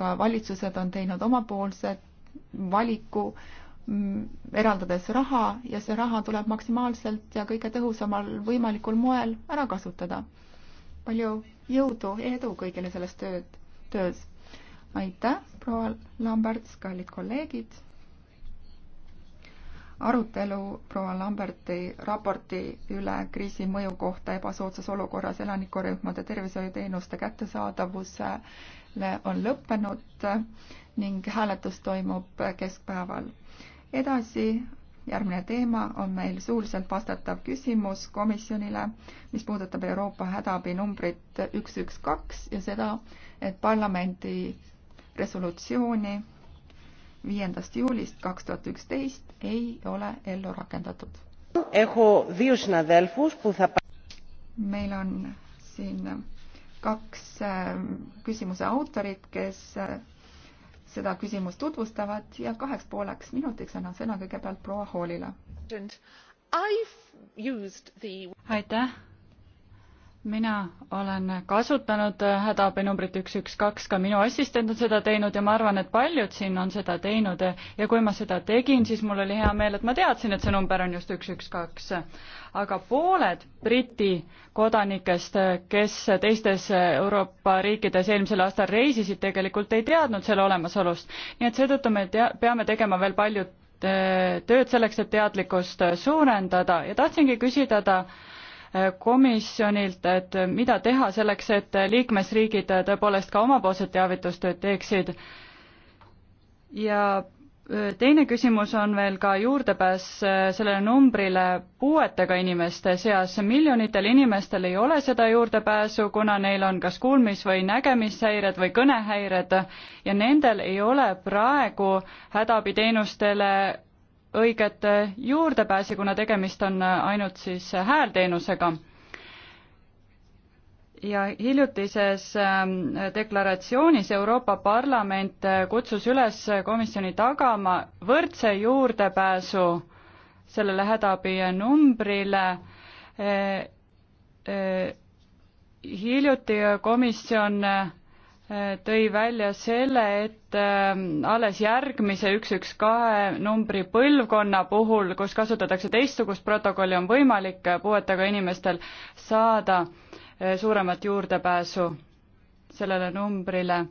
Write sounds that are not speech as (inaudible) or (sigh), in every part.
ka valitsused on teinud omapoolse valiku, mm, eraldades raha ja see raha tuleb maksimaalselt ja kõige tõhusamal võimalikul moel ära kasutada. palju jõudu ja edu kõigile selles tööd, töös! aitäh, proua Lamberts, kallid kolleegid! arutelu proua Lamberti raporti üle kriisi mõju kohta ebasoodsas olukorras elanikurühmade tervishoiuteenuste kättesaadavusele on lõppenud ning hääletus toimub keskpäeval. edasi järgmine teema on meil suuliselt vastatav küsimus komisjonile, mis puudutab Euroopa hädaabi numbrit üks, üks, kaks ja seda, et parlamendi resolutsiooni viiendast juulist kaks tuhat üksteist ei ole ellu rakendatud. meil on siin kaks äh, küsimuse autorit, kes äh, seda küsimust tutvustavad ja kaheks pooleks minutiks annan sõna kõigepealt proua Hoolile. aitäh mina olen kasutanud äh, hädaabinumbrit üks, üks, kaks, ka minu assistent on seda teinud ja ma arvan, et paljud siin on seda teinud ja kui ma seda tegin, siis mul oli hea meel, et ma teadsin, et see number on just üks, üks, kaks. aga pooled Briti kodanikest, äh, kes teistes äh, Euroopa riikides eelmisel aastal reisisid, tegelikult ei teadnud selle olemasolust. nii et seetõttu me tea-, peame tegema veel palju tööd selleks, et teadlikkust suurendada ja tahtsingi küsida ta, komisjonilt, et mida teha selleks, et liikmesriigid tõepoolest ka omapoolset teavitustööd teeksid. ja teine küsimus on veel ka juurdepääs sellele numbrile puuetega inimeste seas. miljonitel inimestel ei ole seda juurdepääsu, kuna neil on kas kuulmis- või nägemishäired või kõnehäired ja nendel ei ole praegu hädaabiteenustele õiget juurdepääsi, kuna tegemist on ainult siis häälteenusega. ja hiljutises ähm, deklaratsioonis Euroopa Parlament äh, kutsus üles komisjoni tagama võrdse juurdepääsu sellele hädaabinumbrile äh, äh, hiljuti komisjon tõi välja selle, et äh, alles järgmise üks, üks, kahe numbri põlvkonna puhul, kus kasutatakse teistsugust protokolli, on võimalik puuetega inimestel saada äh, suuremat juurdepääsu sellele numbrile.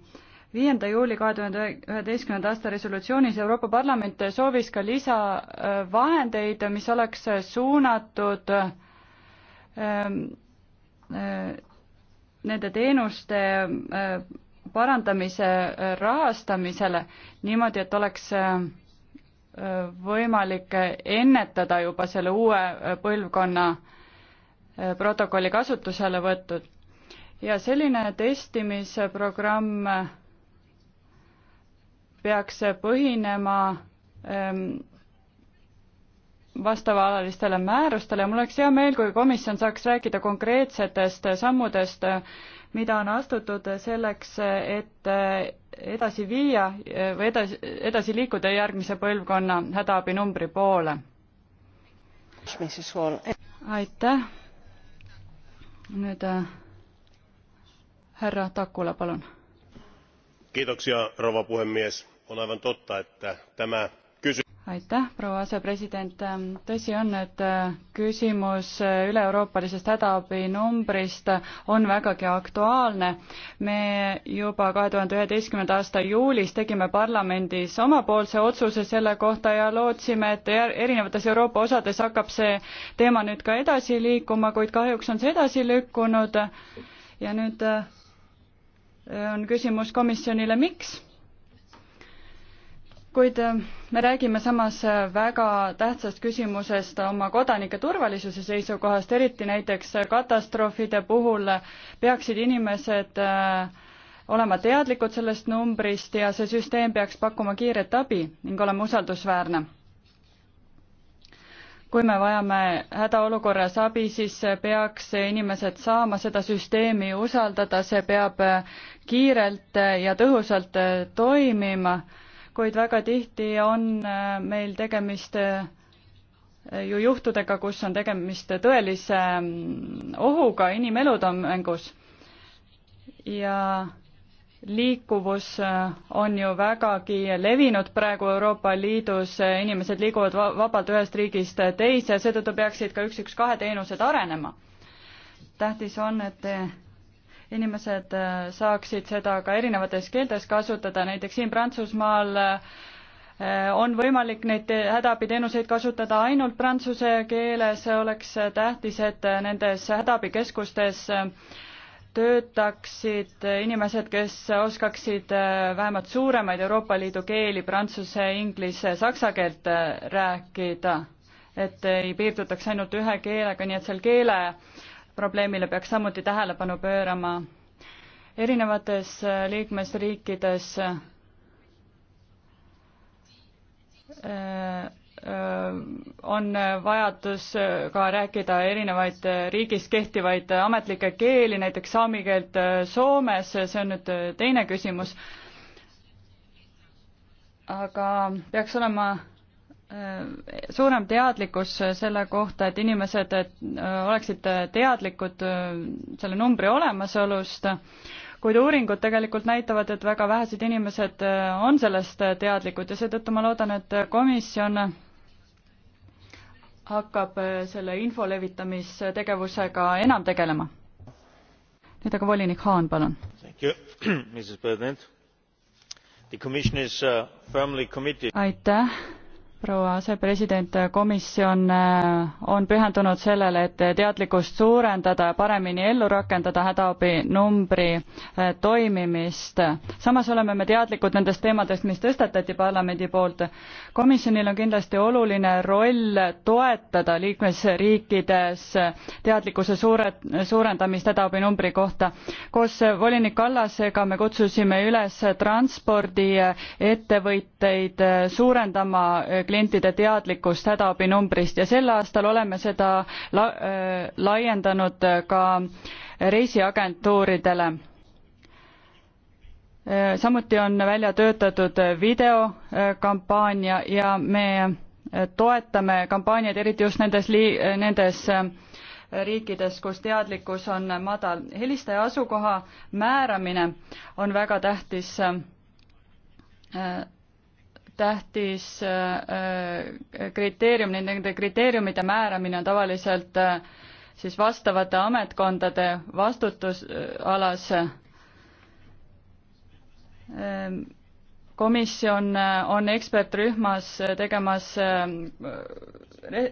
viienda juuli kahe tuhande üheteistkümnenda aasta resolutsioonis Euroopa Parlament soovis ka lisavahendeid, äh, mis oleks suunatud nende teenuste äh, parandamise äh, rahastamisele niimoodi, et oleks äh, võimalik ennetada juba selle uue põlvkonna protokolli kasutusele võtnud. ja selline testimisprogramm peaks põhinema ähm, vastavaalalistele määrustele. mul oleks hea meel, kui komisjon saaks rääkida konkreetsetest sammudest, mida on astutud selleks, et edasi viia või edasi, edasi liikuda järgmise põlvkonna hädaabinumbri poole. aitäh. nüüd äh, härra Takula, palun. kiitoksia, rouva puhemies. on aivan totta, että tämä kysymys aitäh, proua asepresident. Ähm, tõsi on, et äh, küsimus äh, üle-euroopalisest hädaabinumbrist äh, on vägagi aktuaalne. me juba kahe tuhande üheteistkümnenda aasta juulis tegime parlamendis omapoolse otsuse selle kohta ja lootsime, et e-, erinevates Euroopa osades hakkab see teema nüüd ka edasi liikuma, kuid kahjuks on see edasi lükkunud. ja nüüd on küsimus komisjonile, miks kuid äh, me räägime samas äh, väga tähtsast küsimusest oma kodanike turvalisuse seisukohast, eriti näiteks äh, katastroofide puhul peaksid inimesed olema teadlikud sellest numbrist ja see süsteem peaks pakkuma kiiret abi ning olema usaldusväärne. kui me vajame hädaolukorras abi, siis peaks inimesed saama seda süsteemi usaldada, see peab kiirelt ja tõhusalt toimima kuid väga tihti on äh, meil tegemist äh, ju juhtudega, kus on tegemist tõelise mm, ohuga, inimelud on mängus. ja liikuvus äh, on ju vägagi levinud praegu Euroopa Liidus, inimesed liiguvad vabalt ühest riigist teise, seetõttu peaksid ka üks-üks-kahe teenused arenema. tähtis on, et inimesed äh, saaksid seda ka erinevates keeltes kasutada, näiteks siin Prantsusmaal äh, on võimalik neid hädaabiteenuseid kasutada ainult prantsuse keeles, oleks tähtis, et nendes hädaabikeskustes töötaksid inimesed, kes oskaksid äh, vähemalt suuremaid Euroopa Liidu keeli, prantsuse, inglise, saksa keelt rääkida, et ei piirdutaks ainult ühe keelega, nii et seal keele äh, probleemile peaks samuti tähelepanu pöörama. erinevates äh, liikmesriikides äh, äh, on vajadus ka rääkida erinevaid riigis kehtivaid ametlikke keeli, näiteks saami keelt Soomes, see on nüüd teine küsimus, aga peaks olema Äh, suurem teadlikkus selle kohta, et inimesed et äh, oleksid teadlikud äh, selle numbri olemasolust, kuid uuringud tegelikult näitavad, et väga vähesed inimesed on sellest teadlikud ja seetõttu ma loodan, et komisjon hakkab selle info levitamistegevusega enam tegelema. nüüd aga volinik Haan, palun. (clears throat) Uh, aitäh proua asepresident, komisjon äh, on pühendunud sellele, et teadlikkust suurendada ja paremini ellu rakendada hädaabinumbri äh, toimimist. samas oleme me teadlikud nendest teemadest, mis tõstatati parlamendi poolt. komisjonil on kindlasti oluline roll toetada liikmesriikides teadlikkuse suure, suurendamist hädaabinumbri kohta. koos volinik Kallasega me kutsusime üles transpordiettevõtteid äh, suurendama klientide teadlikkust hädaabinumbrist ja sel aastal oleme seda la- äh,, laiendanud äh, ka reisiagentuuridele. Äh, samuti on välja töötatud videokampaania ja me äh, toetame kampaaniaid eriti just nendes lii-, nendes riikides, kus teadlikkus on madal. helistaja asukoha määramine on väga tähtis tähtis äh, äh, kriteerium, nende kriteeriumide määramine on tavaliselt äh, siis vastavate ametkondade vastutusalas. Ähm, komisjon on ekspertrühmas tegemas,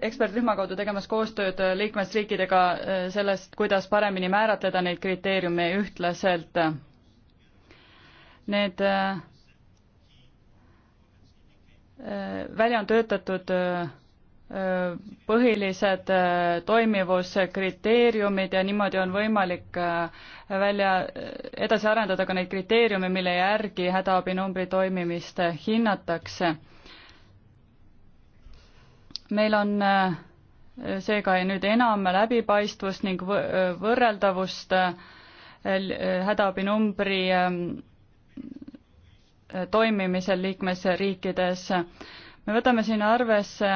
ekspertrühma kaudu tegemas koostööd liikmesriikidega sellest, kuidas paremini määratleda neid kriteeriume ühtlaselt. Need äh, välja on töötatud põhilised toimivuskriteeriumid ja niimoodi on võimalik välja, edasi arendada ka neid kriteeriume, mille järgi hädaabinumbri toimimist hinnatakse. meil on seega nüüd enam läbipaistvust ning võrreldavust hädaabinumbri Eh, toimimisel liikmesriikides. me võtame siin arvesse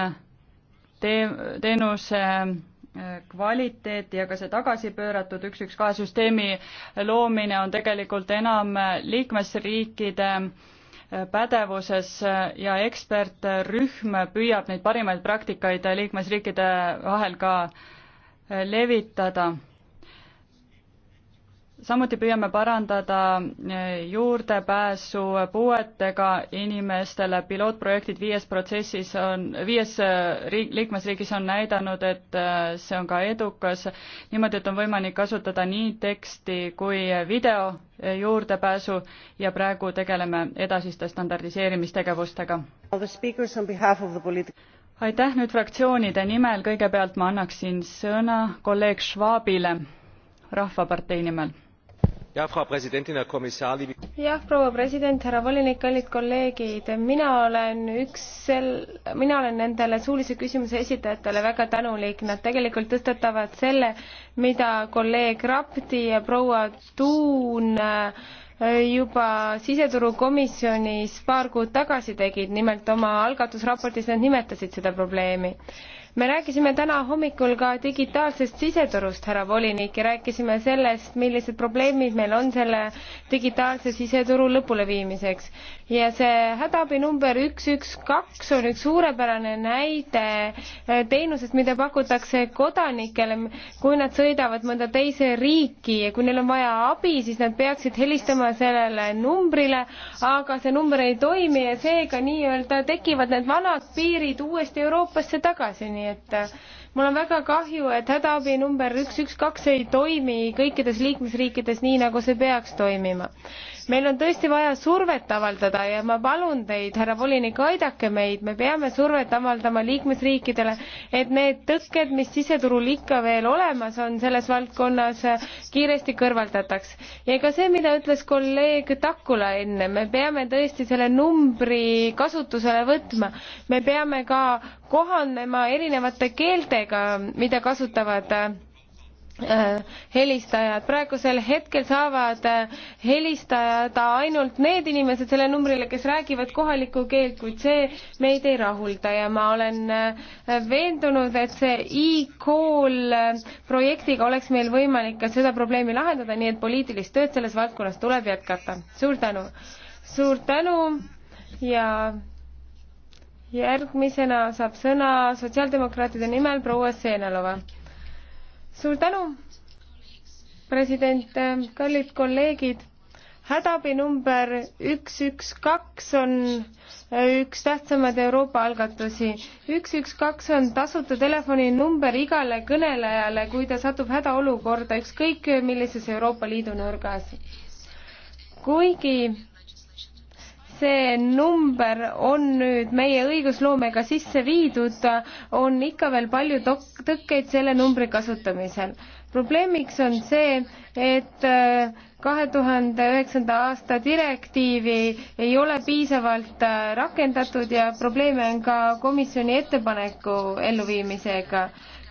tee-, teenuse eh, kvaliteeti ja ka see tagasipööratud üks, üks, kahe süsteemi loomine on tegelikult enam liikmesriikide eh, pädevuses ja ekspertrühm püüab neid parimaid praktikaid liikmesriikide vahel ka levitada samuti püüame parandada eh, juurdepääsu puuetega inimestele, pilootprojektid viies protsessis on, viies eh, riik, liikmesriigis on näidanud, et eh, see on ka edukas, niimoodi, et on võimalik kasutada nii teksti kui video juurdepääsu ja praegu tegeleme edasiste standardiseerimistegevustega. aitäh, nüüd fraktsioonide nimel kõigepealt ma annaksin sõna kolleeg Schwabile Rahvapartei nimel frau präsidentin herr kommissar liebe jah proua president härra volinik kallid kolleegid mina olen üks sel- mina olen nendele suulise küsimuse esitajatele väga tänulik nad tegelikult tõstatavad selle mida kolleeg rapti ja proua thun äh, juba siseturukomisjonis paar kuud tagasi tegid nimelt oma algatusraportis nad nimetasid seda probleemi me rääkisime täna hommikul ka digitaalsest siseturust, härra volinik, ja rääkisime sellest, millised probleemid meil on selle digitaalse siseturu lõpuleviimiseks. ja see hädaabi number üks, üks, kaks on üks suurepärane näide eh, teenusest, mida pakutakse kodanikele, kui nad sõidavad mõnda teise riiki ja kui neil on vaja abi, siis nad peaksid helistama sellele numbrile, aga see number ei toimi ja seega nii-öelda tekivad need vanad piirid uuesti Euroopasse tagasi, nii nii et mul on väga kahju, et hädaabi number üks, üks, kaks ei toimi kõikides liikmesriikides nii, nagu see peaks toimima. meil on tõesti vaja survet avaldada ja ma palun teid, härra volinik, aidake meid, me peame survet avaldama liikmesriikidele, et need tõkked, mis siseturul ikka veel olemas on selles valdkonnas, kiiresti kõrvaldataks. ja ka see, mida ütles kolleeg Takula enne, me peame tõesti selle numbri kasutusele võtma, me peame ka kohanema erinevate keelte häälega, mida kasutavad äh, helistajad. praegusel hetkel saavad äh, helistajada ainult need inimesed selle numbrile, kes räägivad kohalikku keelt, kuid see meid ei rahulda ja ma olen äh, veendunud, et see e-call projektiga oleks meil võimalik ka seda probleemi lahendada, nii et poliitilist tööd selles valdkonnas tuleb jätkata. suur tänu! suur tänu ja järgmisena saab sõna sotsiaaldemokraatide nimel proua Seenalova. suur tänu, president, kallid kolleegid. hädaabi number üks, üks, kaks on üks tähtsamaid Euroopa algatusi. üks, üks, kaks on tasuta telefoninumber igale kõnelejale, kui ta satub hädaolukorda ükskõik millises Euroopa Liidu nurgas. kuigi see number on nüüd meie õigusloomega sisse viidud, on ikka veel palju tõkkeid selle numbri kasutamisel. probleemiks on see, et äh, kahe tuhande üheksanda aasta direktiivi ei ole piisavalt äh, rakendatud ja probleeme on ka komisjoni ettepaneku elluviimisega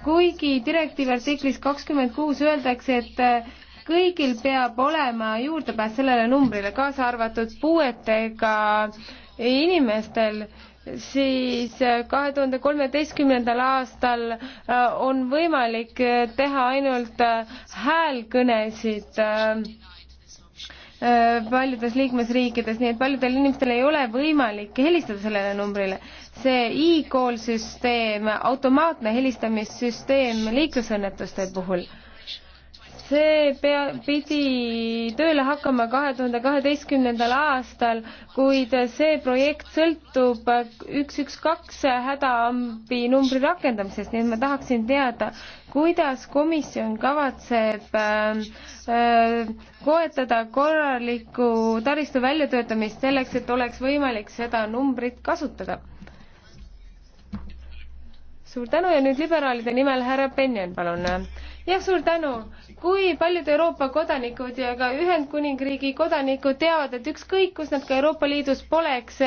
kuigi direktiivi artiklis kakskümmend kuus öeldakse, et äh, kõigil peab olema juurdepääs sellele numbrile, kaasa arvatud puuetega inimestel siis äh, kahe tuhande kolmeteistkümnendal aastal äh, on võimalik äh, teha ainult häälkõnesid paljudes liikmesriikides, nii et paljudel inimestel ei ole võimalik helistada sellele numbrile. see e-call süsteem, automaatne helistamissüsteem liiklusõnnetuste puhul see pea, pidi tööle hakkama kahe tuhande kaheteistkümnendal aastal, kuid see projekt sõltub üks, üks, kaks hädaambi numbri rakendamisest, nii et ma tahaksin teada, kuidas komisjon kavatseb äh, äh, koetada korraliku taristu väljatöötamist selleks, et oleks võimalik seda numbrit kasutada? suur tänu ja nüüd liberaalide nimel härra Benjan, palun jah, suur tänu. kui paljud Euroopa kodanikud ja ka Ühendkuningriigi kodanikud teavad, et ükskõik, kus nad ka Euroopa Liidus poleks,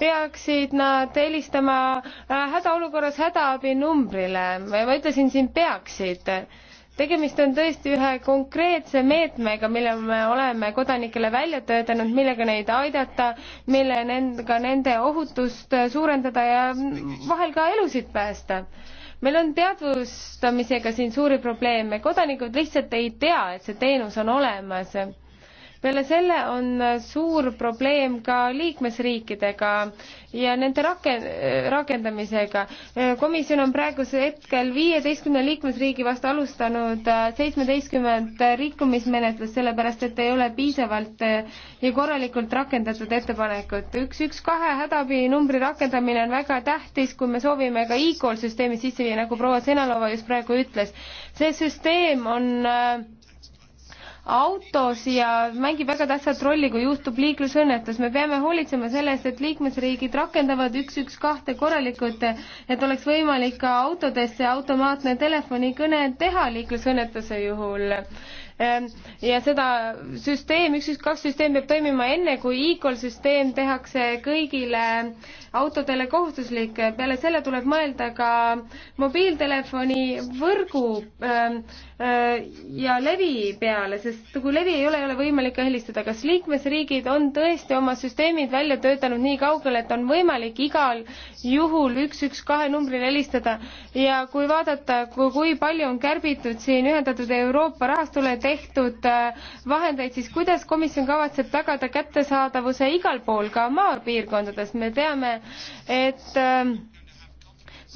peaksid nad helistama äh, hädaolukorras hädaabi numbrile või ma ütlesin siin peaksid. tegemist on tõesti ühe konkreetse meetmega, mille me oleme kodanikele välja töötanud, millega neid aidata, mille nendega nende ohutust suurendada ja vahel ka elusid päästa meil on teadvustamisega siin suuri probleeme, kodanikud lihtsalt ei tea, et see teenus on olemas peale selle on suur probleem ka liikmesriikidega ja nende raken-, rakendamisega. komisjon on praegusel hetkel viieteistkümne liikmesriigi vastu alustanud seitsmeteistkümmend rikkumismenetlust, sellepärast et ei ole piisavalt ja korralikult rakendatud ettepanekut. üks, üks, kahe hädaabinumbri rakendamine on väga tähtis, kui me soovime ka e-call süsteemi sisse viia, nagu proua Senalova just praegu ütles. see süsteem on äh, autos ja mängib väga tähtsat rolli, kui juhtub liiklusõnnetus. me peame hoolitsema selle eest, et liikmesriigid rakendavad üks, üks, kahte korralikult, et oleks võimalik ka autodesse automaatne telefonikõne teha liiklusõnnetuse juhul ehm, ja seda süsteem, üks, üks, kaks süsteem peab toimima enne, kui e-call süsteem tehakse kõigile autodele kohustuslik. peale selle tuleb mõelda ka mobiiltelefoni võrgu ehm, Äh, ja levi peale, sest kui levi ei ole, ei ole võimalik eelistada, kas liikmesriigid on tõesti oma süsteemid välja töötanud nii kaugele, et on võimalik igal juhul üks, üks, kahe numbrile helistada ja kui vaadata, kui palju on kärbitud siin ühendatud Euroopa rahastule tehtud äh, vahendeid, siis kuidas komisjon kavatseb tagada kättesaadavuse igal pool, ka maapiirkondades, me teame, et äh,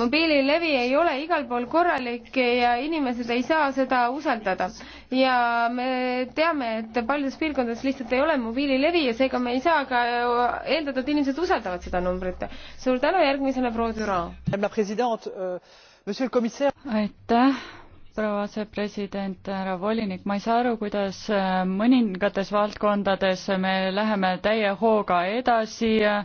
mobiililevi ei ole igal pool korralik ja inimesed ei saa seda usaldada. ja me teame, et paljudes piirkondades lihtsalt ei ole mobiililevi ja seega me ei saa ka eeldada, et inimesed usaldavad seda numbrit. suur tänu, järgmisena proua Düran. Euh, aitäh proua asepresident, härra volinik, ma ei saa aru, kuidas äh, mõningates valdkondades me läheme täie hooga edasi äh,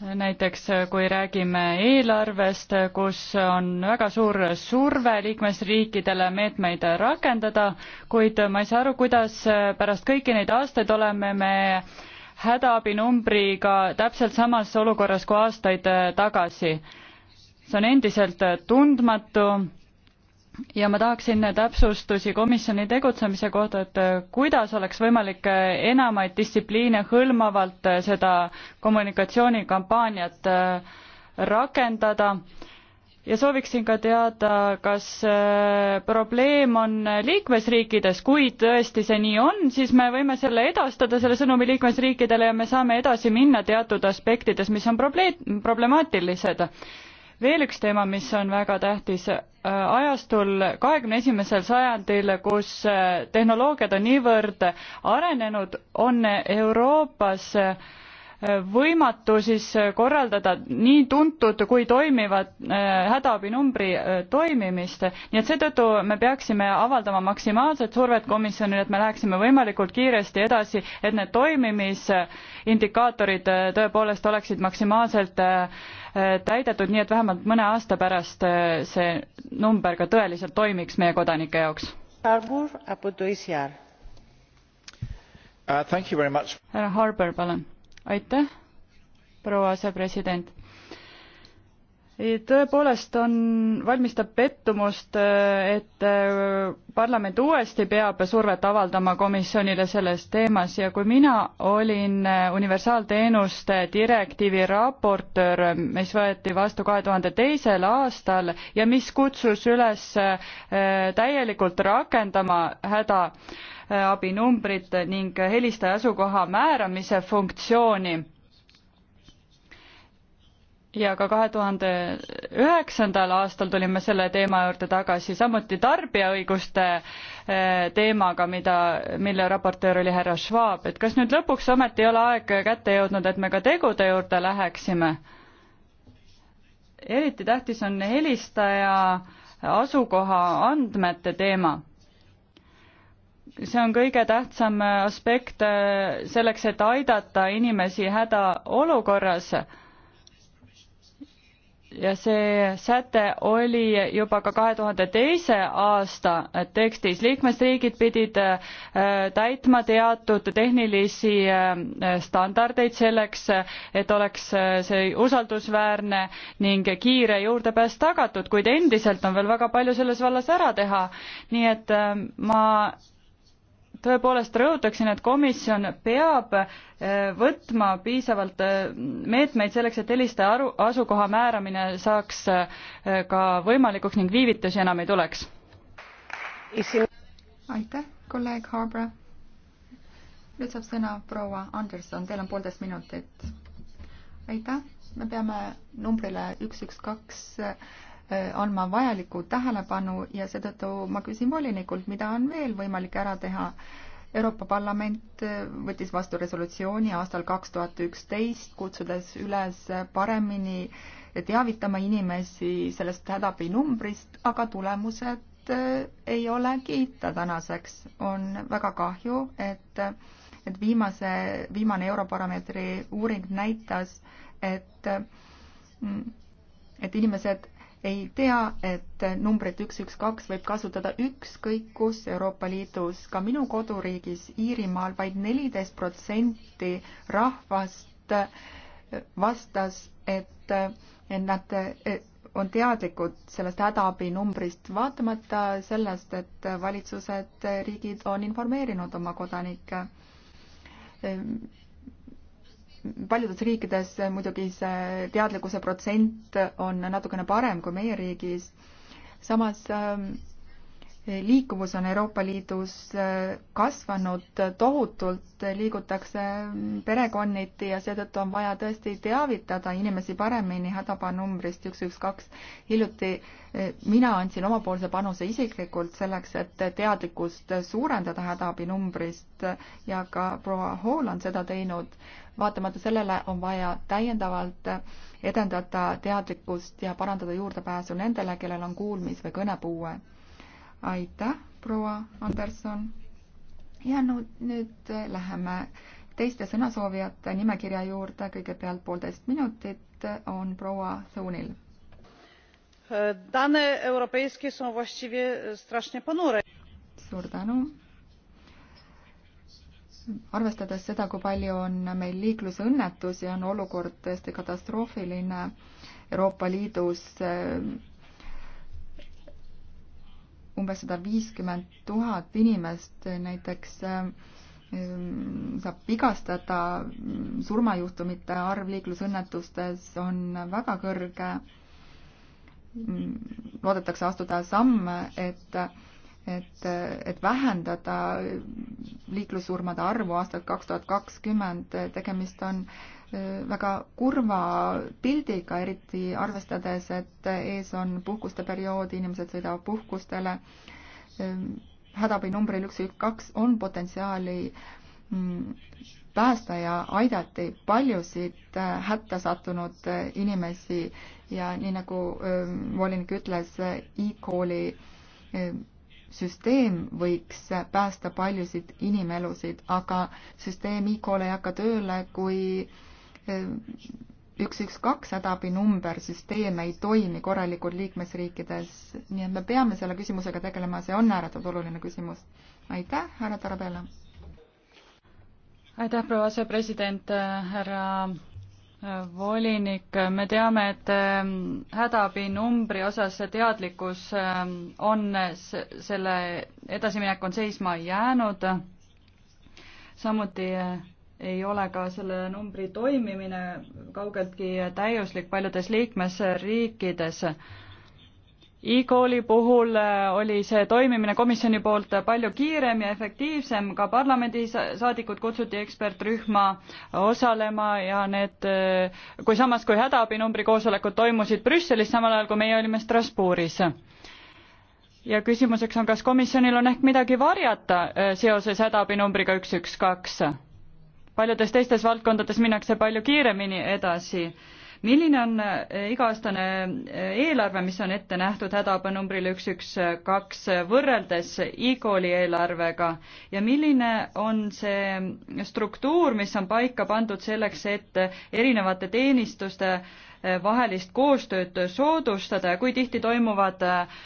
näiteks kui räägime eelarvest, kus on väga suur surve liikmesriikidele meetmeid rakendada, kuid ma ei saa aru, kuidas pärast kõiki neid aastaid oleme me hädaabinumbriga täpselt samas olukorras kui aastaid tagasi. see on endiselt tundmatu ja ma tahaksin täpsustusi komisjoni tegutsemise kohta, et kuidas oleks võimalik enamaid distsipliine hõlmavalt seda kommunikatsioonikampaaniat äh, rakendada ja sooviksin ka teada, kas äh, probleem on liikmesriikides, kui tõesti see nii on, siis me võime selle edastada, selle sõnumi liikmesriikidele ja me saame edasi minna teatud aspektides, mis on probleem, problemaatilised veel üks teema, mis on väga tähtis äh, ajastul kahekümne esimesel sajandil, kus äh, tehnoloogiad on niivõrd arenenud, on Euroopas äh, võimatu siis äh, korraldada nii tuntud kui toimivat äh, hädaabinumbri äh, toimimist. nii et seetõttu me peaksime avaldama maksimaalset survet komisjonile, et me läheksime võimalikult kiiresti edasi, et need toimimisindikaatorid tõepoolest oleksid maksimaalselt täidetud, nii et vähemalt mõne aasta pärast see number ka tõeliselt toimiks meie kodanike jaoks. Uh, härra Harbour, palun aitäh, proua asepresident. tõepoolest on, valmistab pettumust, et äh, parlament uuesti peab survet avaldama komisjonile selles teemas ja kui mina olin äh, universaalteenuste direktiivi raportöör, mis võeti vastu kahe tuhande teisel aastal ja mis kutsus üles äh, täielikult rakendama häda abinumbrit ning helistaja asukoha määramise funktsiooni. ja ka kahe tuhande üheksandal aastal tulime selle teema juurde tagasi, samuti tarbijaõiguste eh, teemaga, mida, mille raportöör oli härra Schwab, et kas nüüd lõpuks ometi ei ole aeg kätte jõudnud, et me ka tegude juurde läheksime? eriti tähtis on helistaja asukoha andmete teema see on kõige tähtsam aspekt eh, selleks, et aidata inimesi hädaolukorras. ja see säte oli juba ka kahe tuhande teise aasta tekstis, liikmesriigid pidid eh, täitma teatud tehnilisi eh, standardeid selleks, et oleks see usaldusväärne ning kiire juurdepääs tagatud, kuid endiselt on veel väga palju selles vallas ära teha. nii et ma tõepoolest rõhutaksin, et komisjon peab eh, võtma piisavalt eh, meetmeid selleks, et heliste aru, asukoha määramine saaks eh, ka võimalikuks ning viivitusi enam ei tuleks. aitäh, kolleeg Harbra. nüüd saab sõna proua Anderson, teil on poolteist minutit. aitäh, me peame numbrile üks, üks, kaks andma vajalikku tähelepanu ja seetõttu ma küsin volinikult, mida on veel võimalik ära teha. Euroopa Parlament äh, võttis vastu resolutsiooni aastal kaks tuhat üksteist, kutsudes üles paremini teavitama inimesi sellest hädaabinumbrist, aga tulemused äh, ei ole kiita tänaseks. on väga kahju, et, et viimase, viimane Eurobaromeetri uuring näitas, et, mm, et inimesed ei tea, et numbrit üks, üks, kaks võib kasutada ükskõik kus Euroopa Liidus, ka minu koduriigis Iirimaal vaid neliteist protsenti rahvast eh, vastas, et, eh, et nad eh, on teadlikud sellest hädaabinumbrist, vaatamata sellest, et valitsused, riigid on informeerinud oma kodanikke ehm, paljudes riikides muidugi see teadlikkuse protsent on natukene parem kui meie riigis. samas ähm, liikuvus on Euroopa Liidus äh, kasvanud tohutult, liigutakse perekonniti ja seetõttu on vaja tõesti teavitada inimesi paremini hädapanumbrist üks, üks, kaks. hiljuti äh, mina andsin omapoolse panuse isiklikult selleks, et teadlikkust suurendada hädaabinumbrist ja ka proua Hool on seda teinud vaatamata sellele on vaja täiendavalt edendada teadlikkust ja parandada juurdepääsu nendele, kellel on kuulmis- või kõnepuue. aitäh, proua Anderson. ja no nüüd läheme teiste sõnasoovijate nimekirja juurde, kõigepealt poolteist minutit on proua Sõunil. Dane europejskie są właściwie strasznie ponure. suur tänu arvestades seda, kui palju on meil liiklusõnnetusi, on olukord tõesti katastroofiline Euroopa Liidus eh, umbes sada viiskümmend tuhat inimest eh, näiteks eh, saab vigastada, mm, surmajuhtumite arv liiklusõnnetustes on väga kõrge. Mm, loodetakse astuda samme, et et, et vähendada liiklussurmade arvu aastal kaks tuhat kakskümmend, tegemist on äh, väga kurva pildiga, eriti arvestades, et ees on puhkuste periood, inimesed sõidavad puhkustele. Ähm, hädaabi numbril üks üks kaks on potentsiaali mm, päästa ja aidati paljusid äh, hätta sattunud äh, inimesi ja nii nagu ähm, volinik ütles e, e-kooli ähm, süsteem võiks päästa paljusid inimelusid, aga süsteem ICO-l ei hakka tööle, kui eh, üks, üks, kaks hädaabinumber süsteem ei toimi korralikult liikmesriikides, nii et me peame selle küsimusega tegelema, see on ääretult oluline küsimus. aitäh, härra Tarabella! aitäh, proua asepresident, härra volinik, me teame, et ähm, hädaabinumbri osas teadlikkus ähm, on, selle edasiminek on seisma jäänud. samuti äh, ei ole ka selle numbri toimimine kaugeltki täiuslik paljudes liikmesriikides e-kooli puhul äh, oli see toimimine komisjoni poolt palju kiirem ja efektiivsem, ka parlamendisaadikud kutsuti ekspertrühma osalema ja need, äh, kui samas, kui hädaabinumbri koosolekud toimusid Brüsselis, samal ajal kui meie olime Strasbourgis. ja küsimuseks on, kas komisjonil on ehk midagi varjata äh, seoses hädaabinumbriga üks, üks, kaks? paljudes teistes valdkondades minnakse palju kiiremini edasi milline on eh, iga-aastane eh, eelarve, mis on ette nähtud hädaabi numbrile üks, üks, kaks võrreldes e-kooli eelarvega ja milline on see struktuur, mis on paika pandud selleks, et erinevate teenistuste eh, vahelist koostööd soodustada ja kui tihti toimuvad äh,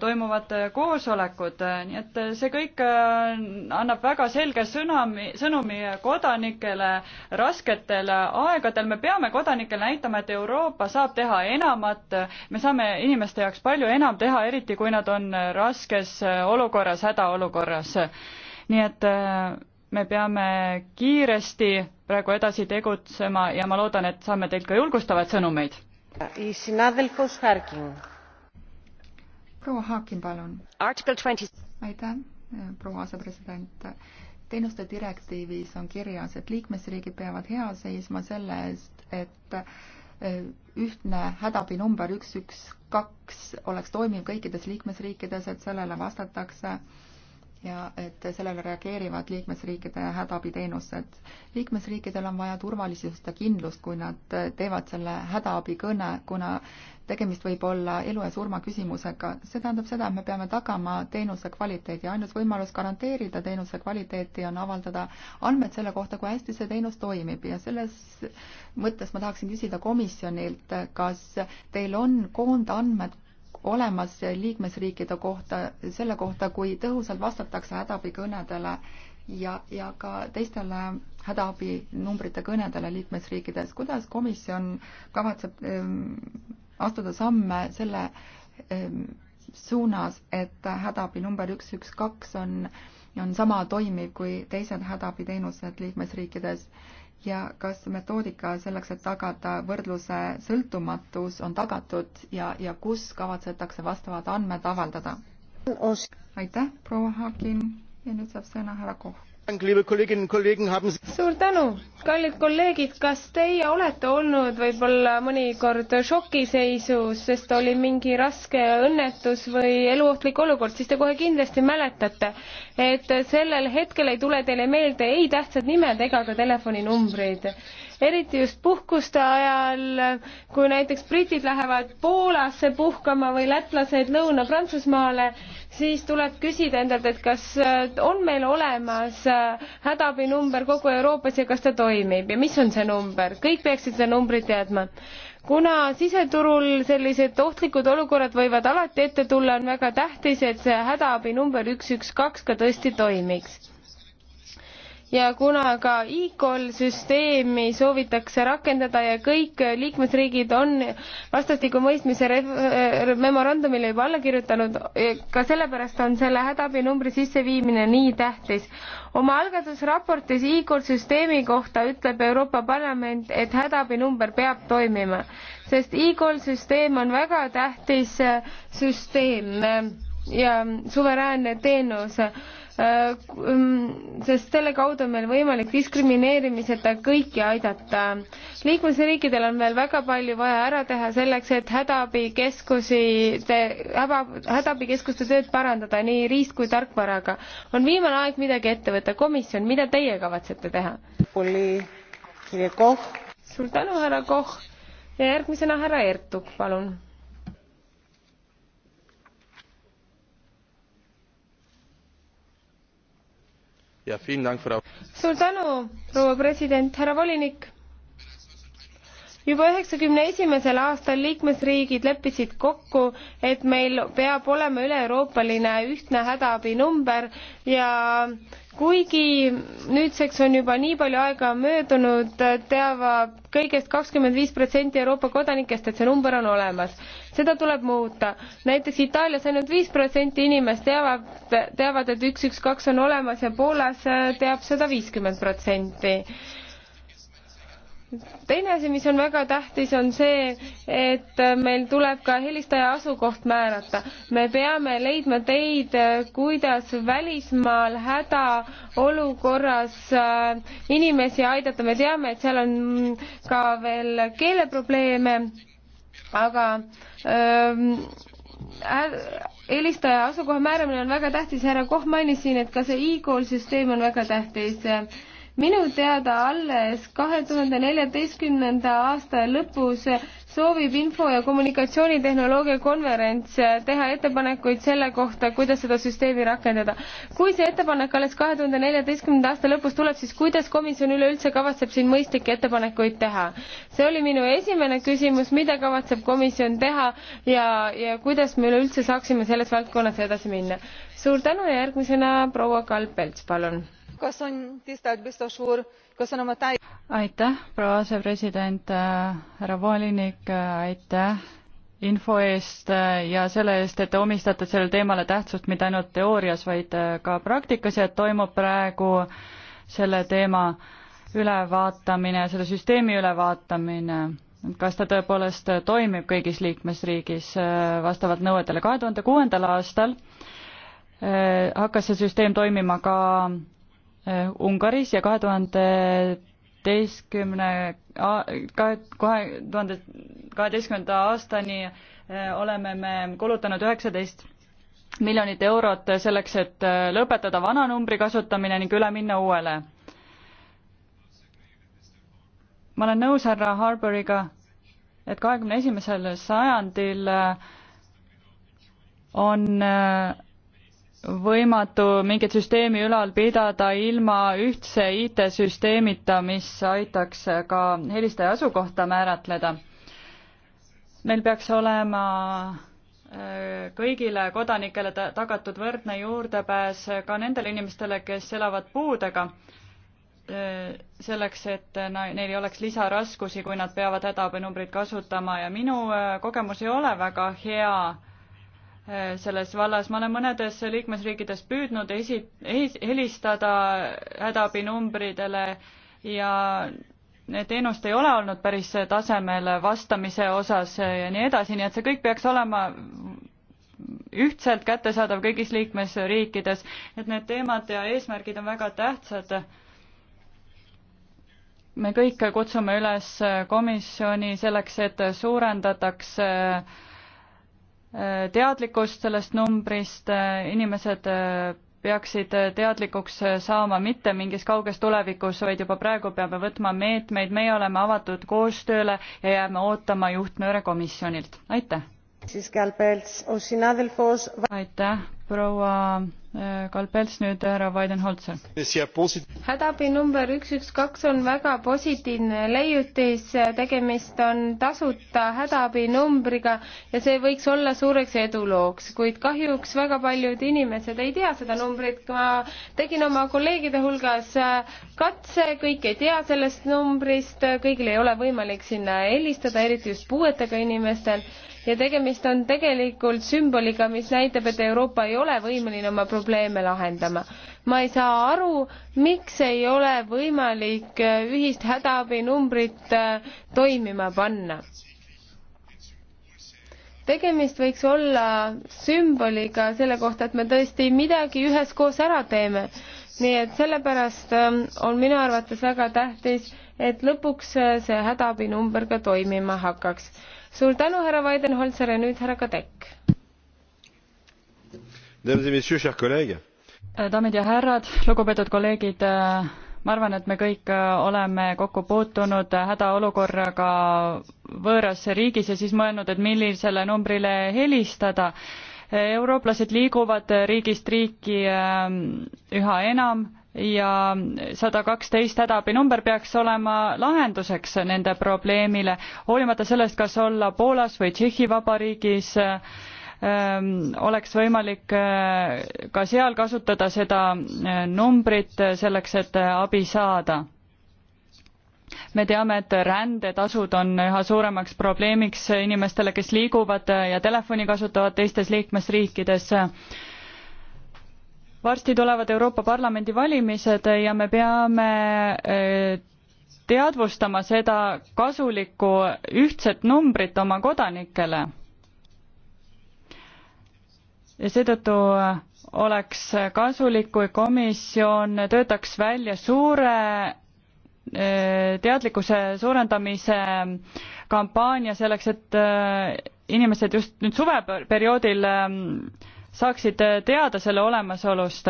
toimuvad koosolekud, nii et see kõik äh, annab väga selge sõnami, sõnumi kodanikele rasketel aegadel, me peame kodanikele näitama, et Euroopa saab teha enamat, me saame inimeste jaoks palju enam teha, eriti kui nad on raskes olukorras, hädaolukorras. nii et äh, me peame kiiresti praegu edasi tegutsema ja ma loodan, et saame teilt ka julgustavaid sõnumeid proua Haakin, palun. aitäh, proua asepresident. teenuste direktiivis on kirjas, et liikmesriigid peavad hea seisma selle eest, et e, ühtne hädaabinumber üks, üks, kaks oleks toimiv kõikides liikmesriikides, et sellele vastatakse äh, ja et sellele reageerivad liikmesriikide hädaabiteenused. liikmesriikidel on vaja turvalisust ja kindlust, kui nad teevad selle hädaabikõne, kuna tegemist võib olla elu ja surma küsimusega. see tähendab seda, et me peame tagama teenuse kvaliteedi. ainus võimalus garanteerida teenuse kvaliteeti on avaldada andmed selle kohta, kui hästi see teenus toimib ja selles mõttes ma tahaksin küsida komisjonilt, kas teil on koondandmed olemas liikmesriikide kohta, selle kohta, kui tõhusalt vastatakse hädaabikõnedele ja, ja ka teistele hädaabinumbrite kõnedele liikmesriikides. kuidas komisjon kavatseb ähm, astuda samme selle ähm, suunas, et hädaabi number üks, üks, kaks on, on sama toimiv kui teised hädaabiteenused liikmesriikides ja kas metoodika selleks, et tagada võrdluse sõltumatus, on tagatud ja, ja kus kavatsetakse vastavad andmed avaldada? aitäh, proua Hakin ja nüüd saab sõna härra Koh suur tänu, kallid kolleegid, kas teie olete olnud võib-olla mõnikord šokiseisus, sest oli mingi raske õnnetus või eluohtlik olukord, siis te kohe kindlasti mäletate, et sellel hetkel ei tule teile meelde ei tähtsad nimed ega ka telefoninumbrid eriti just puhkuste ajal, kui näiteks britid lähevad Poolasse puhkama või lätlased Lõuna-Prantsusmaale, siis tuleb küsida endalt, et kas äh, on meil olemas äh, hädaabinumber kogu Euroopas ja kas ta toimib ja mis on see number, kõik peaksid seda numbrit teadma kuna siseturul sellised ohtlikud olukorrad võivad alati ette tulla, on väga tähtis, et see hädaabinumber üks üks kaks ka tõesti toimiks ja kuna ka e-call süsteemi soovitakse rakendada ja kõik liikmesriigid on vastastikku mõistmise memorandumile juba alla kirjutanud, eh, ka sellepärast on selle hädaabinumbri sisseviimine nii tähtis. oma algatusraportis e-call süsteemi kohta ütleb Euroopa Parlament, et hädaabinumber peab toimima, sest e-call süsteem on väga tähtis eh, süsteem eh, ja suveräänne teenus sest selle kaudu on meil võimalik diskrimineerimiseta kõiki aidata. liikmesriikidel on veel väga palju vaja ära teha selleks, et hädaabikeskusi, hädaabikeskuste tööd parandada nii riist kui tarkvaraga. on viimane aeg midagi ette võtta. komisjon, mida teie kavatsete teha? suur tänu, härra Koch ja järgmisena härra Ertug, palun suur tänu, proua president, härra volinik. juba üheksakümne esimesel aastal liikmesriigid leppisid kokku, et meil peab olema üle-euroopaline ühtne hädaabinumber ja kuigi nüüdseks on juba nii palju aega möödunud, teavad kõigest kakskümmend viis protsenti Euroopa kodanikest, et see number on olemas. seda tuleb muuta. näiteks Itaalias ainult viis protsenti inimest teavad, teavad, et üks, üks, kaks on olemas ja Poolas teab seda viiskümmend protsenti teine asi, mis on väga tähtis, on see, et meil tuleb ka helistaja asukoht määrata. me peame leidma teid, kuidas välismaal hädaolukorras äh, inimesi aidata. me teame, et seal on ka veel keeleprobleeme, aga öö, ähm, helistaja asukoha määramine on väga tähtis. härra Koh mainis siin, et ka see e-call süsteem on väga tähtis minu teada alles kahe tuhande neljateistkümnenda aasta lõpus soovib info- ja kommunikatsioonitehnoloogia konverents teha ettepanekuid selle kohta, kuidas seda süsteemi rakendada. kui see ettepanek alles kahe tuhande neljateistkümnenda aasta lõpus tuleb, siis kuidas komisjon üleüldse kavatseb siin mõistlikke ettepanekuid teha? see oli minu esimene küsimus, mida kavatseb komisjon teha ja, ja kuidas me üleüldse saaksime selles valdkonnas edasi minna? suur tänu ja järgmisena proua Kalpelts, palun aitäh, proua asepresident, äh, härra volinik, äh, aitäh info eest äh, ja selle eest, et te omistate sellele teemale tähtsust mitte ainult teoorias, vaid ka praktikas ja et toimub praegu selle teema ülevaatamine, selle süsteemi ülevaatamine, kas ta tõepoolest toimib kõigis liikmesriigis vastavalt nõuetele. kahe tuhande kuuendal aastal hakkas see süsteem toimima ka Ungaris ja kahe tuhande teistkümne, kahe, kahe tuhande kaheteistkümnenda aastani äh, oleme me kulutanud üheksateist miljonit eurot selleks, et äh, lõpetada vana numbri kasutamine ning üle minna uuele. ma olen nõus härra Harboriga, et kahekümne esimesel sajandil äh, on võimatu mingit süsteemi ülal pidada ilma ühtse IT-süsteemita, mis aitaks ka helistaja asukohta määratleda. meil peaks olema äh, kõigile kodanikele tagatud võrdne juurdepääs ka nendele inimestele, kes elavad puudega, äh, selleks, et neil ei oleks lisaraskusi, kui nad peavad hädaabinumbrit kasutama ja minu äh, kogemus ei ole väga hea selles vallas, ma olen mõnedes liikmesriikides püüdnud esi-, helistada hädaabinumbridele ja teenust ei ole olnud päris tasemel vastamise osas ja nii edasi, nii et see kõik peaks olema ühtselt kättesaadav kõigis liikmesriikides, et need teemad ja eesmärgid on väga tähtsad. me kõik kutsume üles komisjoni selleks, et suurendataks äh, Äh, teadlikkust sellest numbrist, äh, inimesed äh, peaksid teadlikuks saama mitte mingis kauges tulevikus, vaid juba praegu peame võtma meetmeid, meie oleme avatud koostööle ja jääme ootama juhtnööre komisjonilt, aitäh. aitäh, proua Kalpelts, nüüd härra Weidenholzer. hädaabi number üks, üks, kaks on väga positiivne leiutis, tegemist on tasuta hädaabinumbriga ja see võiks olla suureks edulooks, kuid kahjuks väga paljud inimesed ei tea seda numbrit. ma tegin oma kolleegide hulgas katse, kõik ei tea sellest numbrist, kõigil ei ole võimalik sinna helistada, eriti just puuetega inimestel ja tegemist on tegelikult sümboliga, mis näitab, et Euroopa ei ole võimeline oma probleeme lahendama. ma ei saa aru, miks ei ole võimalik äh, ühist hädaabinumbrit äh, toimima panna tegemist võiks olla sümboliga selle kohta, et me tõesti midagi üheskoos ära teeme. nii et sellepärast ähm, on minu arvates väga tähtis, et lõpuks äh, see hädaabinumber ka toimima hakkaks suur tänu, härra Weidenholzer ja nüüd härra Kadek. Äh, daamid ja härrad, lugupeetud kolleegid, äh, ma arvan, et me kõik äh, oleme kokku puutunud hädaolukorraga võõras riigis ja siis mõelnud, et millisele numbrile helistada. eurooplased liiguvad riigist riiki üha enam ja sada kaksteist hädaabinumber peaks olema lahenduseks nende probleemile, hoolimata sellest, kas olla Poolas või Tšehhi Vabariigis, ähm, oleks võimalik äh, ka seal kasutada seda äh, numbrit selleks, et äh, abi saada me teame, et rändetasud on üha suuremaks probleemiks inimestele, kes liiguvad ja telefoni kasutavad teistes liikmesriikides varsti tulevad Euroopa Parlamendi valimised ja me peame eh, teadvustama seda kasulikku ühtset numbrit oma kodanikele. ja seetõttu oleks kasulik, kui komisjon töötaks välja suure eh, teadlikkuse suurendamise kampaania selleks, et eh, inimesed just nüüd suveperioodil saaksid teada selle olemasolust.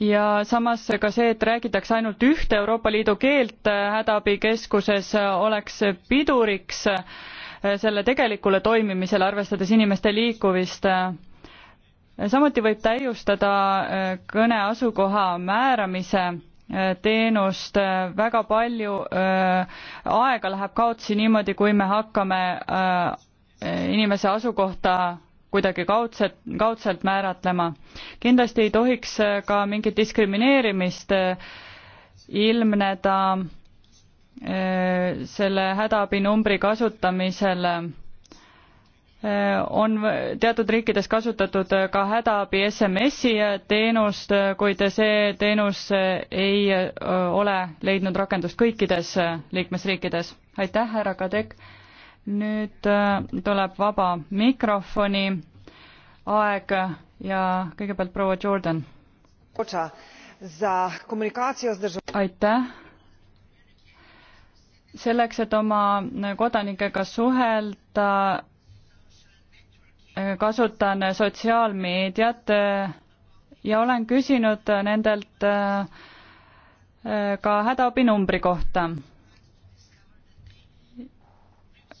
ja samas ka see, et räägitakse ainult ühte Euroopa Liidu keelt hädaabikeskuses, oleks piduriks selle tegelikule toimimisele, arvestades inimeste liikumist samuti võib täiustada kõne asukoha määramise teenust, väga palju äh, aega läheb kaotsi niimoodi, kui me hakkame äh, inimese asukohta kuidagi kaudselt, kaudselt määratlema. kindlasti ei tohiks ka mingit diskrimineerimist äh, ilmneda äh, selle hädaabinumbri kasutamisel äh, on teatud riikides kasutatud ka hädaabi SMS-i teenust, kuid see teenus ei ole leidnud rakendust kõikides liikmesriikides. aitäh, härra Kadek! nüüd äh, tuleb vaba mikrofoni aeg ja kõigepealt proua Jordan. aitäh. selleks, et oma kodanikega suhelda, äh, kasutan sotsiaalmeediat äh, ja olen küsinud nendelt ka hädaabinumbri kohta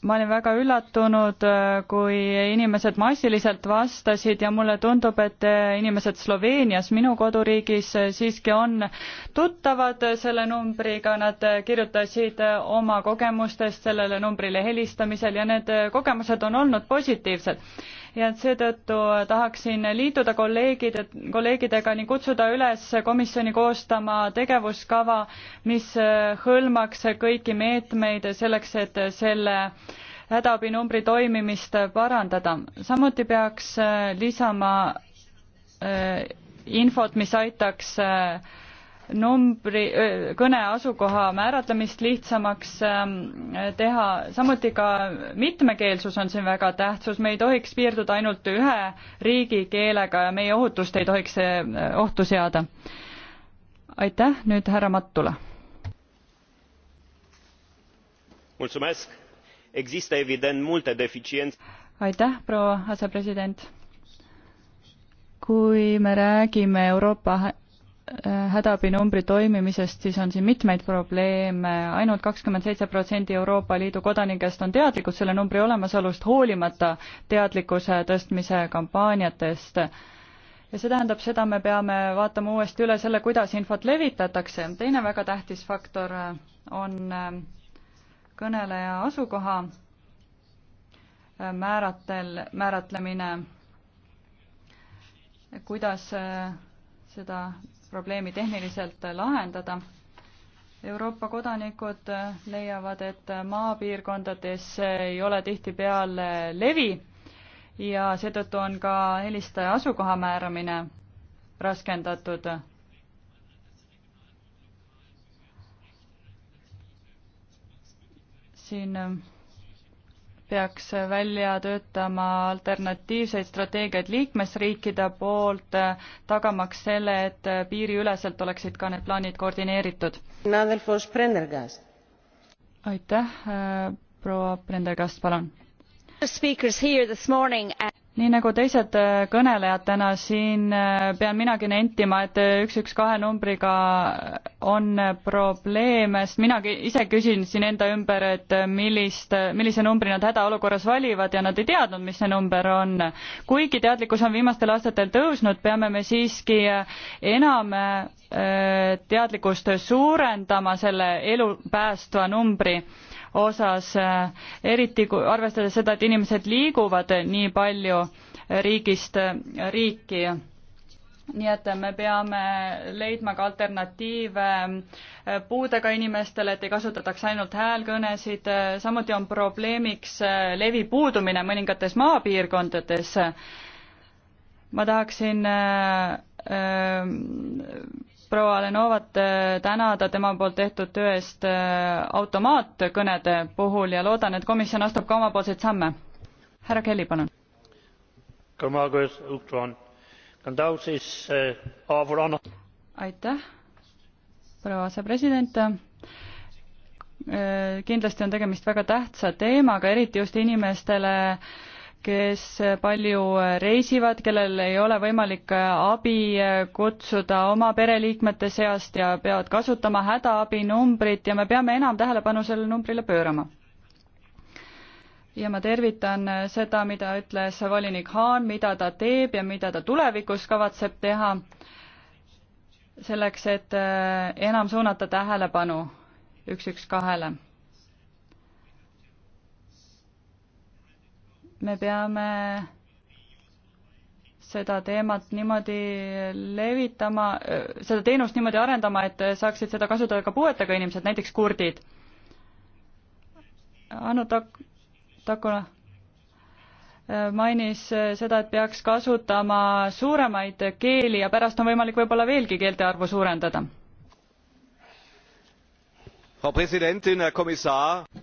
ma olin väga üllatunud, kui inimesed massiliselt vastasid ja mulle tundub, et inimesed Sloveenias, minu koduriigis, siiski on tuttavad selle numbriga, nad kirjutasid oma kogemustest sellele numbrile helistamisel ja need kogemused on olnud positiivsed. ja et seetõttu tahaksin liituda kolleegide, kolleegidega ning kutsuda üles komisjoni koostama tegevuskava, mis hõlmaks kõiki meetmeid selleks, et selle hädaabinumbri toimimist parandada. samuti peaks äh, lisama äh, infot, mis aitaks äh, numbri, kõne asukoha määratlemist lihtsamaks ähm, teha, samuti ka mitmekeelsus on siin väga tähtsus, me ei tohiks piirduda ainult ühe riigikeelega ja meie ohutust ei tohiks see ohtu seada. aitäh, nüüd härra Mattula. mulțumesc există evident multe deficiențe. aitäh, proua asepresident. kui me räägime Euroopa äh, hädaabinumbri toimimisest, siis on siin mitmeid probleeme ainult, ainult kakskümmend seitse protsenti Euroopa Liidu kodanikest on teadlikud selle numbri olemasolust, hoolimata teadlikkuse tõstmise kampaaniatest. ja see tähendab seda, me peame vaatama uuesti üle selle, kuidas infot levitatakse. teine väga tähtis faktor äh, on äh, kõneleja asukoha äh, määratel, määratlemine, kuidas äh, seda probleemi tehniliselt äh, lahendada. Euroopa kodanikud leiavad, et maapiirkondades ei ole tihtipeale levi ja seetõttu on ka helistaja asukoha määramine raskendatud siin äh, peaks välja töötama alternatiivseid strateegiaid liikmesriikide poolt, äh, tagamaks selle, et äh, piiriüleselt oleksid ka need plaanid koordineeritud. aitäh, proua Prendergast, palun nii nagu teised äh, kõnelejad täna siin, äh, pean minagi nentima, et äh, üks, üks, kahe numbriga on probleeme, sest minagi ise küsin siin enda ümber, et millist, millise numbri nad hädaolukorras valivad ja nad ei teadnud, mis see number on. kuigi teadlikkus on viimastel aastatel tõusnud, peame me siiski enam teadlikkust suurendama selle elu päästva numbri osas, äh, eriti kui arvestades seda, et inimesed liiguvad äh, nii palju äh, riigist riiki nii et me peame leidma ka alternatiive puudega inimestele, et ei kasutataks ainult häälkõnesid, samuti on probleemiks levi puudumine mõningates maapiirkondades. ma tahaksin proua Lenovat äh, tänada tema poolt tehtud töö eest äh, automaatkõnede puhul ja loodan, et komisjon astub ka omapoolseid samme. härra Kelly, palun. aitäh, proua asepresident äh, kindlasti on tegemist väga tähtsa teemaga, eriti just inimestele, kes palju reisivad, kellel ei ole võimalik abi kutsuda oma pereliikmete seast ja peavad kasutama hädaabinumbrit ja me peame enam tähelepanu sellele numbrile pöörama. ja ma tervitan seda, mida ütles volinik Haan, mida ta teeb ja mida ta tulevikus kavatseb teha, selleks et enam suunata tähelepanu üks-üks kahele me peame seda teemat niimoodi levitama, seda teenust niimoodi arendama, et saaksid seda kasutada ka puuetega inimesed, näiteks kurdid. Anu Tak-, Takula äh, mainis seda, et peaks kasutama suuremaid keeli ja pärast on võimalik võib-olla veelgi keelte arvu suurendada.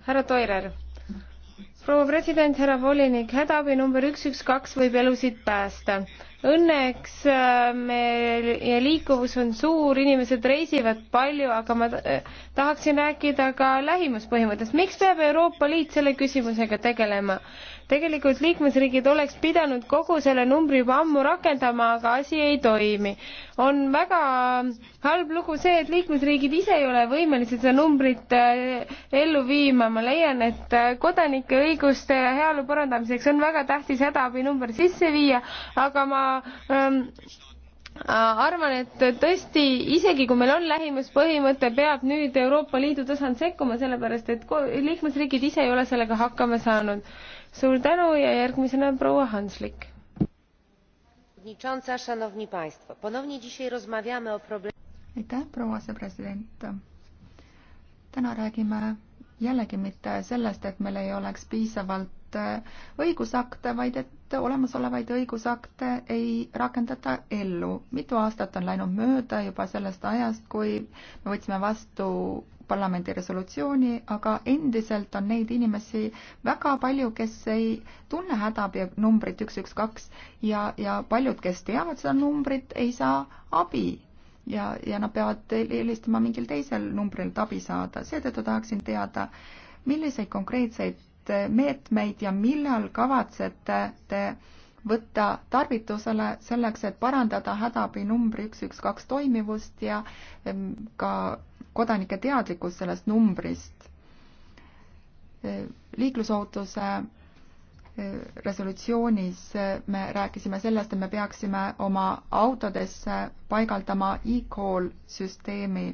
härra Toirer, proua president, härra volinik, hädaabi number üks, üks, kaks võib elusid päästa. Õnneks äh, meie liikuvus on suur, inimesed reisivad palju, aga ma äh, tahaksin rääkida ka lähimuspõhimõttest. miks peab Euroopa Liit selle küsimusega tegelema? tegelikult liikmesriigid oleks pidanud kogu selle numbri juba ammu rakendama, aga asi ei toimi. on väga halb lugu see, et liikmesriigid ise ei ole võimelised seda numbrit äh, ellu viima. ma leian, et äh, kodanike õiguste ja heaolu parandamiseks on väga tähtis hädaabinumber sisse viia, aga ma ähm, arvan, et tõesti, isegi kui meil on lähimuspõhimõte, peab nüüd Euroopa Liidu tasand sekkuma, sellepärast et liikmesriigid ise ei ole sellega hakkama saanud suur tänu ja järgmisena proua Hanslik. aitäh, proua asepresident. täna räägime jällegi mitte sellest, et meil ei oleks piisavalt äh, õigusakte, vaid et olemasolevaid õigusakte ei rakendata ellu. mitu aastat on läinud mööda juba sellest ajast, kui me võtsime vastu parlamendi resolutsiooni, aga endiselt on neid inimesi väga palju, kes ei tunne hädabi numbrit üks, üks, kaks ja, ja paljud, kes teavad seda numbrit, ei saa abi ja, ja nad peavad helistama mingil teisel numbril, et abi saada. seetõttu tahaksin teada, milliseid konkreetseid meetmeid ja millal kavatsete te võtta tarvitusele selleks, et parandada hädaabi numbri üks, üks, kaks toimivust ja ka kodanike teadlikkus sellest numbrist. liiklusohutuse eh, resolutsioonis eh, me rääkisime sellest, et me peaksime oma autodesse paigaldama e-call süsteemi,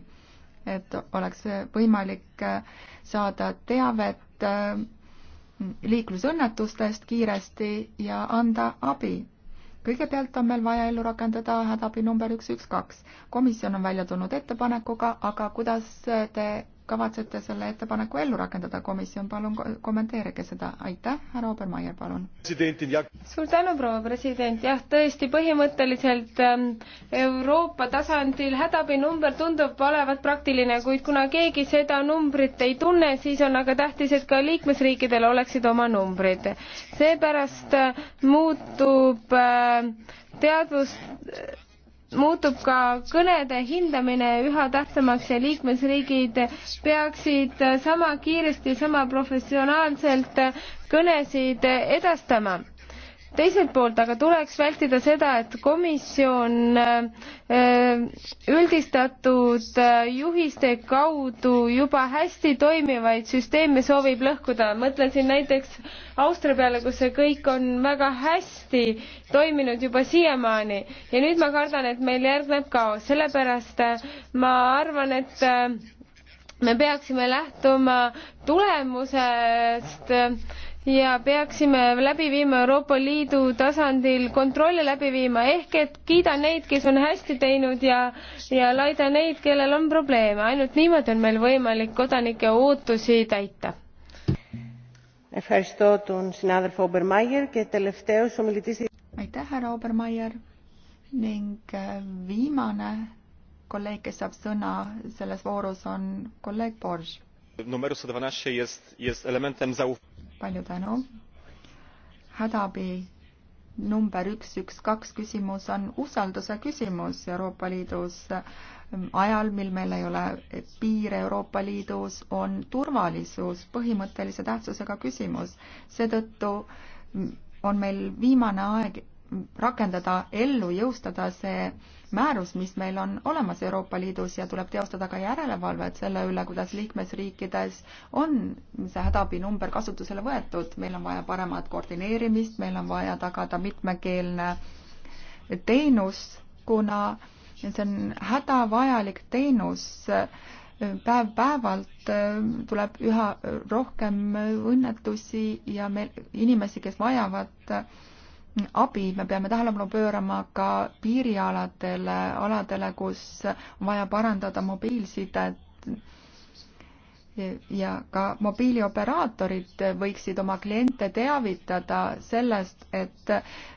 et oleks võimalik eh, saada teavet liiklusõnnetustest kiiresti ja anda abi kõigepealt on meil vaja ellu rakendada hädaabi number üks, üks, kaks. komisjon on välja tulnud ettepanekuga, aga kuidas te kavatsete selle ettepaneku ellu rakendada, komisjon, palun kommenteerige seda, aitäh, härra Obermeier, palun. suur tänu, proua president, jah, tõesti, põhimõtteliselt ähm, Euroopa tasandil hädaabinumber tundub olevat praktiline, kuid kuna keegi seda numbrit ei tunne, siis on aga tähtis, et ka liikmesriikidel oleksid oma numbrid. seepärast äh, muutub äh, teadvus muutub ka kõnede hindamine üha tähtsamaks ja liikmesriigid peaksid sama kiiresti, sama professionaalselt kõnesid edastama teiselt poolt aga tuleks vältida seda, et komisjon äh, äh, üldistatud äh, juhiste kaudu juba hästi toimivaid süsteeme soovib lõhkuda. mõtlen siin näiteks Austria peale, kus see kõik on väga hästi toiminud juba siiamaani ja nüüd ma kardan, et meil järgneb kaos, sellepärast ma arvan, et me peaksime lähtuma tulemusest ja peaksime läbi viima Euroopa Liidu tasandil kontrolle läbi viima, ehk et kiida neid, kes on hästi teinud ja, ja laida neid, kellel on probleeme, ainult niimoodi on meil võimalik kodanike ootusi täita. aitäh, härra Obermeier ning äh, viimane kolleeg, kes saab sõna selles voorus, on kolleeg Borž. numer sada kaksteist on elementem zauf- palju tänu. hädaabi number üks, üks, kaks küsimus on usalduse küsimus Euroopa Liidus. ajal, mil meil ei ole piire Euroopa Liidus, on turvalisus põhimõttelise tähtsusega küsimus. seetõttu on meil viimane aeg rakendada, ellu jõustada see määrus, mis meil on olemas Euroopa Liidus ja tuleb teostada ka järelevalvet selle üle, kuidas liikmesriikides on see hädaabinumber kasutusele võetud. meil on vaja paremat koordineerimist, meil on vaja tagada mitmekeelne teenus, kuna see on hädavajalik teenus päev-päevalt äh, tuleb üha rohkem õnnetusi ja meil inimesi, kes vajavad äh, abi, me peame tähelepanu pöörama ka piirialadele, aladele, kus on vaja parandada mobiilsidet ja ka mobiilioperaatorid võiksid oma kliente teavitada sellest, et,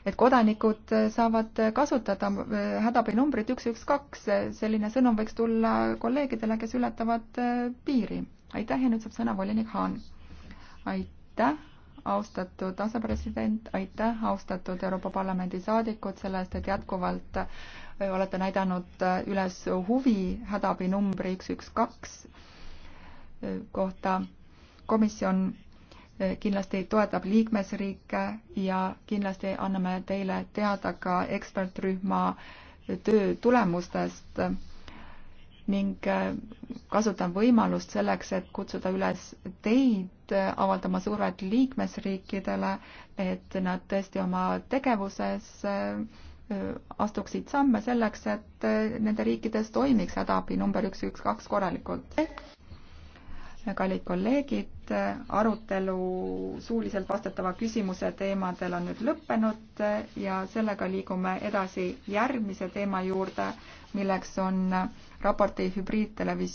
et kodanikud saavad kasutada äh, hädaabinumbrit üks, üks, kaks. selline sõnum võiks tulla kolleegidele, kes ületavad äh, piiri. aitäh ja nüüd saab sõna volinik Haan. aitäh austatud asepresident, aitäh, austatud Euroopa Parlamendi saadikud selle eest, et jätkuvalt äh, olete näidanud äh, üles huvi hädaabinumbri üks, üks, kaks äh, kohta. komisjon kindlasti toetab liikmesriike ja kindlasti anname teile teada ka ekspertrühma töö tulemustest ning äh, kasutan võimalust selleks, et kutsuda üles teid äh, avaldama survet liikmesriikidele, et nad tõesti oma tegevuses äh, astuksid samme selleks, et nende riikides toimiks hädaabi number üks, üks, kaks korralikult kallid kolleegid, arutelu suuliselt vastatava küsimuse teemadel on nüüd lõppenud ja sellega liigume edasi järgmise teema juurde, milleks on raporti hübriidtelevisioon.